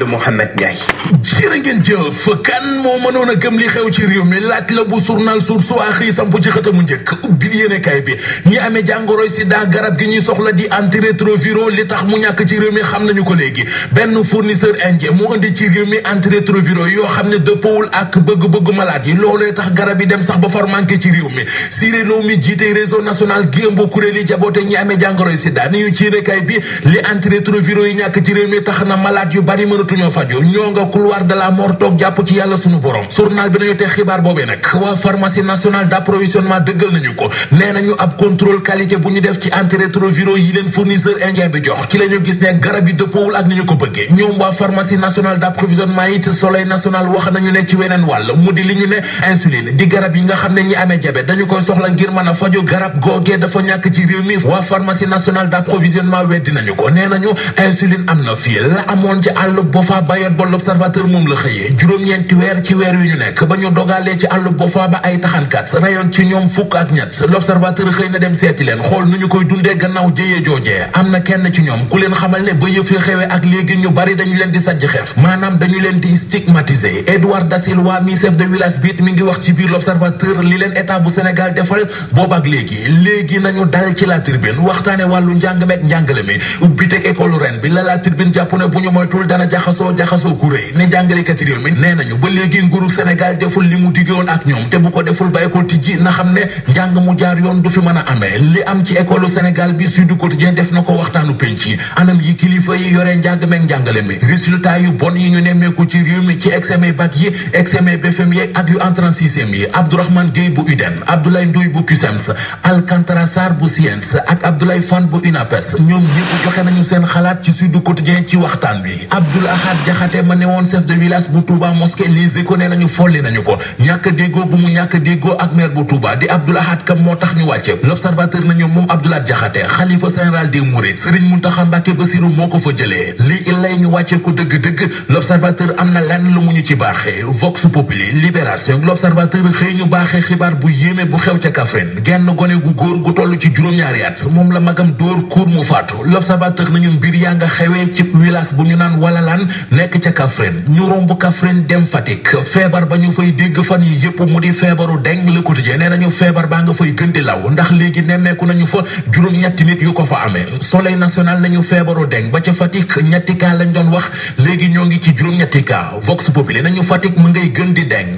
de Mouhamed Ndiaye jërë ngeen jëf kan moo mënoon a gëm li xew ci réew mi laaj la bu journal Source A xëy samp ci xëtamu li tax mu ñàkk ci réew mi xam nañu ko léegi benn fournisseur indien mu indi ci réew mi antirétroviraux yoo xam ne dëppawul ak bëgg-bëgg malade yi loolee tax garab yi dem sax ba far manqué ci réew mi Cyril mi jiite réseau national gi ëmb kuréel yi jaboote ñi amee jàngoroy sida ni ñu ci yéenekaay bi li antirétroviraux yi ñàkk ci réew mi tax na malade yu bari mënut mënatuñoo fajoo ñoo nga couloir de la mort jàpp ci yàlla sunu borom journal bi nañu te xibaar boobee nag waa pharmacie nationale d'approvisionnement dëggal nañu ko nee nañu ab am na fii la amoon ci àll Bofa Bayot ba l'observateur moom la xëyee juróom-ñeenti weer ci weer wi ñu nekk ba ñu dogalee ci àllu Bofa ba ay taxankat rayoon ci ñoom fukk ak ñett l'observateur xëy na dem seeti leen xool nu ñu koy dundee gannaaw jëyee joojee am na kenn ci ñoom ku leen xamal ne ba yëf xewee ak léegi ñu bari dañu leen di sajj xeef maanaam dañu leen di stigmatiser Edouard Da Silva mi chef de village biit mi ngi wax ci biir l'observateur li leen état bu Sénégal jaxasoo jaxasoo kuré ne jàngalekat yi réew mi nee nañu ba léegi nguuru Sénégal deful li mu diggoon ak ñoom te ko deful bàyyi ko tijji na xam ne njàng mu jaar yoon du fi mën a amee li am ci école Sénégal bi Sud Quotidien def na ko waxtaanu penc yi anam yi kilifa yi yoree njàng meeg njàngale mi résultat yu bon yi ñu nemmeeku ci réew mi ci examen bac yi examen BFM yi ak yu entrant sixième yi Abdourahmane Gueye bu UDEN Abdoulaye Ndoye bu CUSEMS Alcantara Sarr bu SIENS ak Abdoulaye Fane bu UNAPES ñoom ñëpp joxe nañu seen xalaat ci Sud Quotidien ci waxtaan bi Lahat Jaxate ma ne woon chef de village bu Touba mosquée Les Échos ne nañu folli nañu ko ñàkk déggoo bu mu ñàkk déggoo ak maire bu Touba di Abdou Lahat Ka moo tax ñu wàcce l'observateur nañu moom Abdou Lahat Jaxate xalifa général des Mourides Serigne Mountakha moo ko fa jëlee lii il lay ñu wàcce ko dëgg-dëgg l'observateur am na lenn lu mu ñu ci baaxee Vox Populi Libération l'observateur xëy ñu baaxee xibaar bu yéeme bu xew ca Kaffrine genn gone gu góor gu toll ci juróom-ñaari at moom la magam dóor kuur mu faatu l'observateur nañu mbir yaa nga xewee ci village bu ñu naan wala lan Bougane nekk ca Kaffrine ñu romb Kaffrine dem Fatick feebar ba ñu fay dégg fan yi yëpp mu di feebaru deng le quotidien nee nañu feebar baa nga fay gën di law ndax léegi nemmeeku nañu fa juróom-ñetti nit yu ko fa amee soleil national nañu feebaru deng ba ca Fatick ñetti kaa lañ doon wax léegi ñoo ngi ci juróom-ñetti kaa Vox Populi nañu Fatick mu ngay gën di deng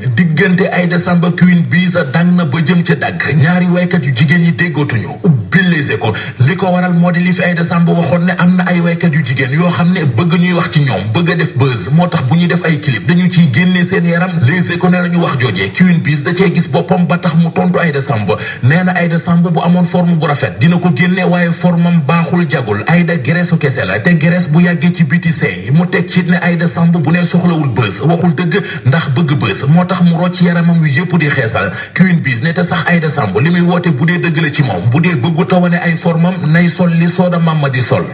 diggante Aïda Samba Queen bii sa dang na ba jëm ca dagg ñaari waykat yu jigéen ñi déggootuñu ubbilise ko li ko waral moo di li fi Aïda Samba waxoon ne am na ay waykat yu jigéen yoo xam ne bëgg ñuy wax ci ñoom bëgg def buzz moo tax bu ñuy def ay clip dañu ciy génnee seen yaram Les Échos nee nañu wax joojee Queen bis da cee gis boppam ba tax mu tontu Aïda Samba nee na Aïda Samba bu amoon forme bu rafet dina ko génnee waaye formam baaxul jagul Aïda gereesu kese la te gerees bu yàggee ci biti seey mu teg ci ne Aïda Samba bu ne soxlawul buzz waxul dëgg ndax bëgg buzz moo tax mu rocc ci yaramam wi yëpp di xeesal Queen Biz ne te sax Aïda Samb li muy woote bu dee dëgg la ci moom bu dee bëggu tawane ay formam nay sol li Soda Mama di sol